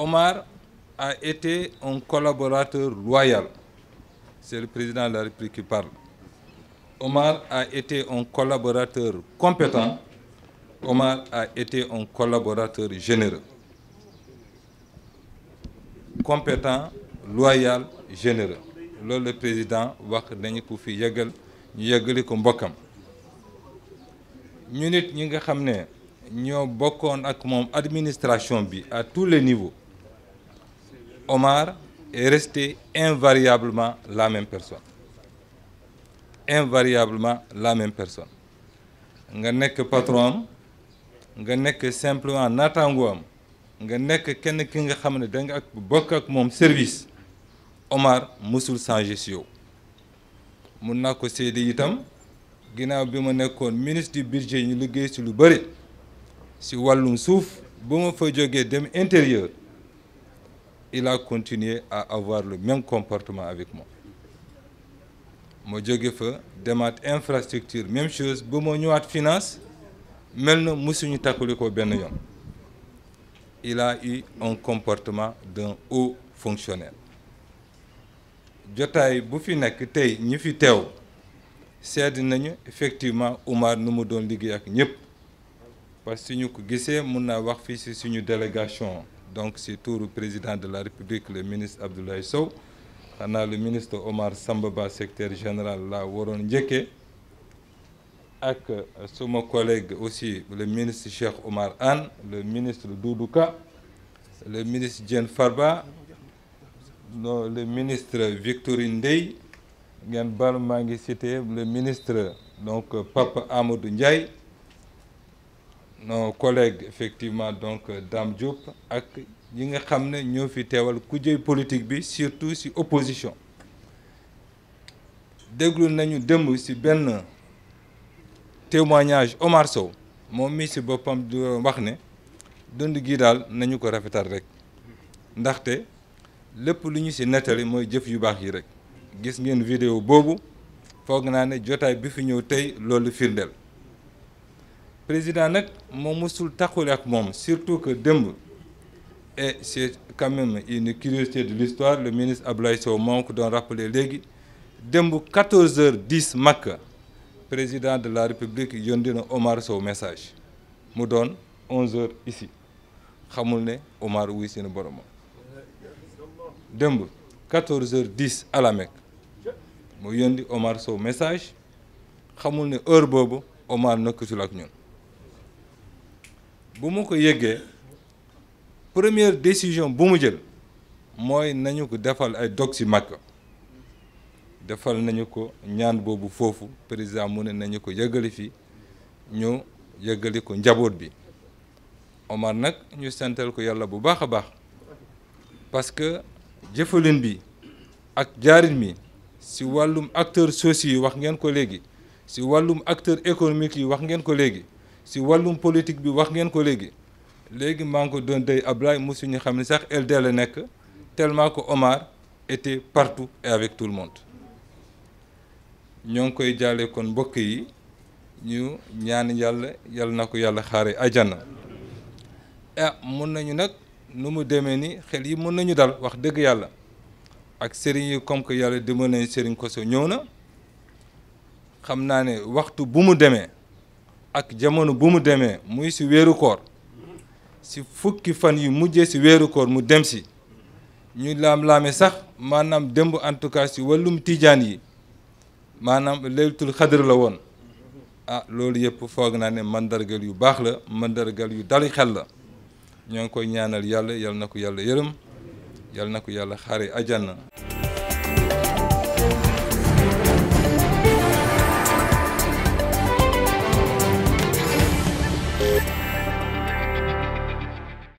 Omar a été un collaborateur loyal. C'est le président de la République qui parle. Omar a été un collaborateur compétent. Omar a été un collaborateur généreux. Compétent, loyal, généreux. Le président wax dañu ko fi yeggal ñu nous avons administration à tous les niveaux Omar est resté invariablement la même personne invariablement la même personne nga nek patron nga nek simplement natangouam, nga nek kenn ki nga xam de da nga ak bok ak mom service Omar musul changé si yow mun naa ko seede itam ginnaaw bi ministre du budget ñu liggéey si lu bëri si wàllum souf, bu ma fa jógee dem intérieur il a continué à avoir le même comportement avec moi Je jóge fa infrastructure même chose ba je ñëwaat finance mel na musuñu pas ko il a eu un comportement d'un haut fonctionnaire Je bu fi nekk tey ñi fi teew sedd nañu effectivement Oumar nous mu donné liggéey ak parce que nous avons vu, mun wax délégation donc c'est tout le président de la république le ministre Abdoulaye Sow a le ministre Omar Sambaba, secrétaire général la waroon avec sur mon collègue aussi le ministre Cheikh Omar Anne le ministre Doudouka, le ministre Djen Farba le ministre Victorine Dey, le ministre donc Papa Amadou Ndiaye nos collègues, effectivement, donc euh, Dame Diop, et nous savons que nous avons fait le coup d'œil politique, surtout sur l'opposition. Nous avons dit aussi un témoignage au Marceau, mon ministre Bopam Dourou-Mahne, et nous avons fait le rafetard. Parce que tout ce qui est Nathalie, c'est Jeff Yubahi. Vous voyez une vidéo, il faut que nous avons fait le film président je suis musul takul ak mom surtout que Dembou, et c'est quand même une curiosité de l'histoire le ministre Ablaye Sow manque rappeler rappelé demb 14 h 10 le président de la république a Omar son message mu donné 11 h ici xamul ne Omar wuy seen Dembou, 14 h 10 à la Mecque mu yondi Omar son message xamul ne heure bobu Omar nekkatul ak bu mu ko yégee première décision bu mu jël mooy nañu ko defal ay dog si Makka defal nañu ko ñaan boobu foofu président mu ne nañu ko yëgali fii ñu yëgali ko njaboot bi Omar nag ñu santal ko yàlla bu baax a baax parce que jëfalin bi ak jaarin mi si wàllum acteurs sociaux yi wax ngeen ko léegi si wàllum acteurs économiques yi wax ngeen ko léegi si walum politique bi wax ngeen ko léegi léegi maa ko don day Ablaye musu ñu xamni sax LD la tellement que Omar était partout et avec tout le monde ñong koy jàllee kon mbokk yi ñu ñaan yalla yàlla nako yalla yàlla xaare ajana eh, mën nañu nak nu mu demee ni xel yi mën nañu dal wax deug yalla ak sëriñ yi comme que yalla demal nañu sëriñ so ñëw na xamna né waxtu bu mu demee. ak jamono bu mu demee muy si weeru koor si fukki fan yu mujjee si weeru koor mu dem si ñuy laam-laame sax maanaam démb en tout cas si wàllum tijaan yi maanaam leylatul xadr la woon ah loolu yëpp foog naa ne mandargal yu baax la mandargal yu dali xel la ñoo ngi koy ñaanal yàlla yal na ko yàlla yërëm yal na ko yàlla xaare ajanna